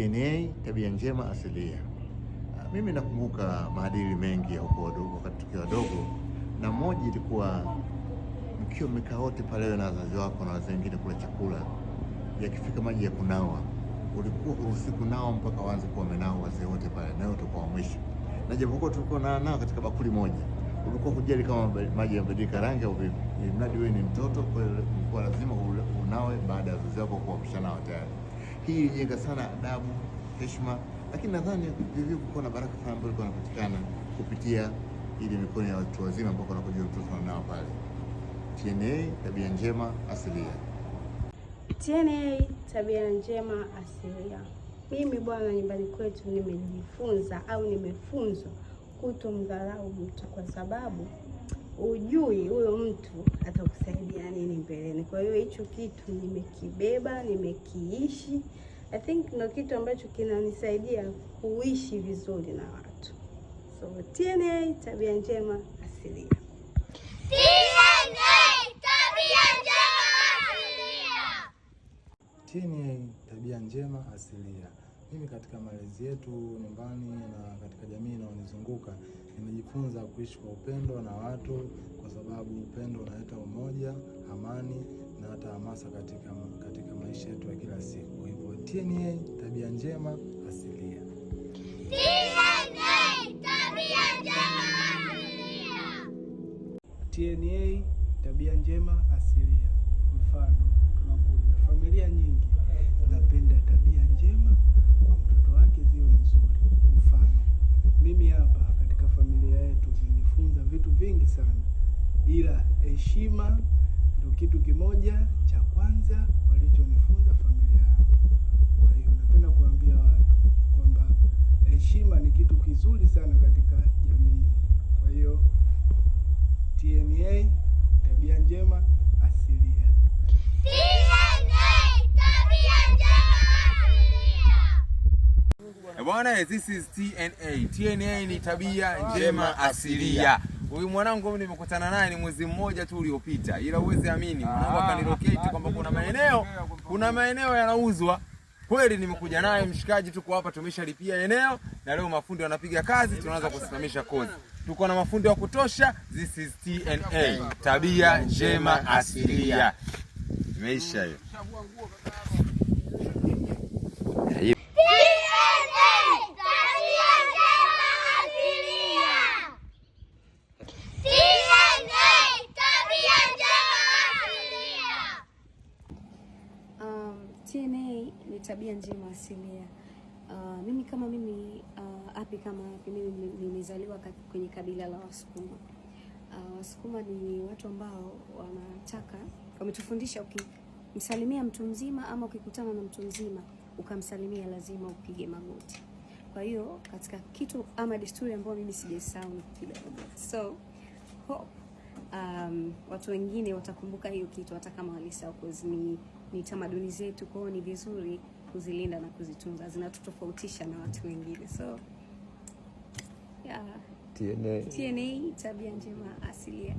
TNA tabia njema asilia. Ah, mimi nakumbuka maadili mengi ya huko wadogo, wakati tukiwa wadogo, na moja ilikuwa mkiwa mmekaa wote pale na wazazi wako na wazee wengine kula chakula, yakifika maji ya kunawa, ulikuwa huruhusi kunawa mpaka waanze kuwa wamenawa wazee wote pale, na wewe utakuwa mwisho. Na japokuwa tulikuwa na nao katika bakuli moja, ulikuwa kujali kama maji yamebadilika rangi au vipi, mradi wewe ni mtoto. Kwa hiyo ulikuwa lazima unawe baada ya wazazi wako kuamshana tayari hii ilijenga sana adabu, heshima, lakini nadhani vivyo kukuwa na baraka fulani ambayo inapatikana kupitia ili mikono ya watu wazima ambao wanakuja kutana nao pale. TNA tabia njema asilia. TNA tabia njema asilia. Mimi bwana, nyumbani kwetu nimejifunza au nimefunzwa kutomdharau mtu kwa sababu ujui huyo mtu atakusaidia nini mbeleni. Kwa hiyo hicho kitu nimekibeba, nimekiishi. I think ndo kitu ambacho kinanisaidia kuishi vizuri na watu. So TNA tabia njema asilia. TNA tabia njema asilia. TNA tabia njema asilia. Mimi katika malezi yetu nyumbani na katika jamii inayonizunguka nimejifunza kuishi kwa upendo na watu, kwa sababu upendo unaleta umoja, amani na hata hamasa katika, katika maisha yetu ya kila siku. Hivyo TNA tabia njema asilia. TNA tabia njema asilia, mfano tunakuja vitu vingi sana, ila heshima ndio kitu kimoja cha kwanza walichonifunza familia yangu. Kwa hiyo napenda kuambia watu kwamba heshima ni kitu kizuri sana katika jamii. Kwa hiyo TNA tabia njema asilia. Bwana, this is TNA. TNA ni tabia njema asilia. Huyu mwanangu nimekutana naye ni mwezi mmoja tu uliopita, ila uweze amini mwanangu ah. akanilocate kwamba kuna maeneo kuna maeneo yanauzwa kweli. Nimekuja naye mshikaji, tuko hapa, tumeshalipia eneo na leo mafundi wanapiga kazi, tunaanza kusimamisha kozi. Tuko na mafundi wa kutosha. This is TNA, tabia njema asilia. Imeisha hiyo. Um, TNA ni tabia njema asilia. Uh, mimi kama mimi uh, api kama api mimi nimezaliwa kwenye kabila la Wasukuma. Uh, Wasukuma ni watu ambao wanataka, wametufundisha ukimsalimia mtu mzima ama ukikutana na mtu mzima ukamsalimia lazima upige magoti. Kwa hiyo katika kitu ama desturi ambayo mimi sijasahau ni kupiga magoti. So hope um, watu wengine watakumbuka hiyo kitu hata kama walisahau, ni, ni tamaduni zetu, kwao, ni vizuri kuzilinda na kuzitunza, zinatutofautisha na watu wengine so yeah. TNA, TNA tabia njema asilia.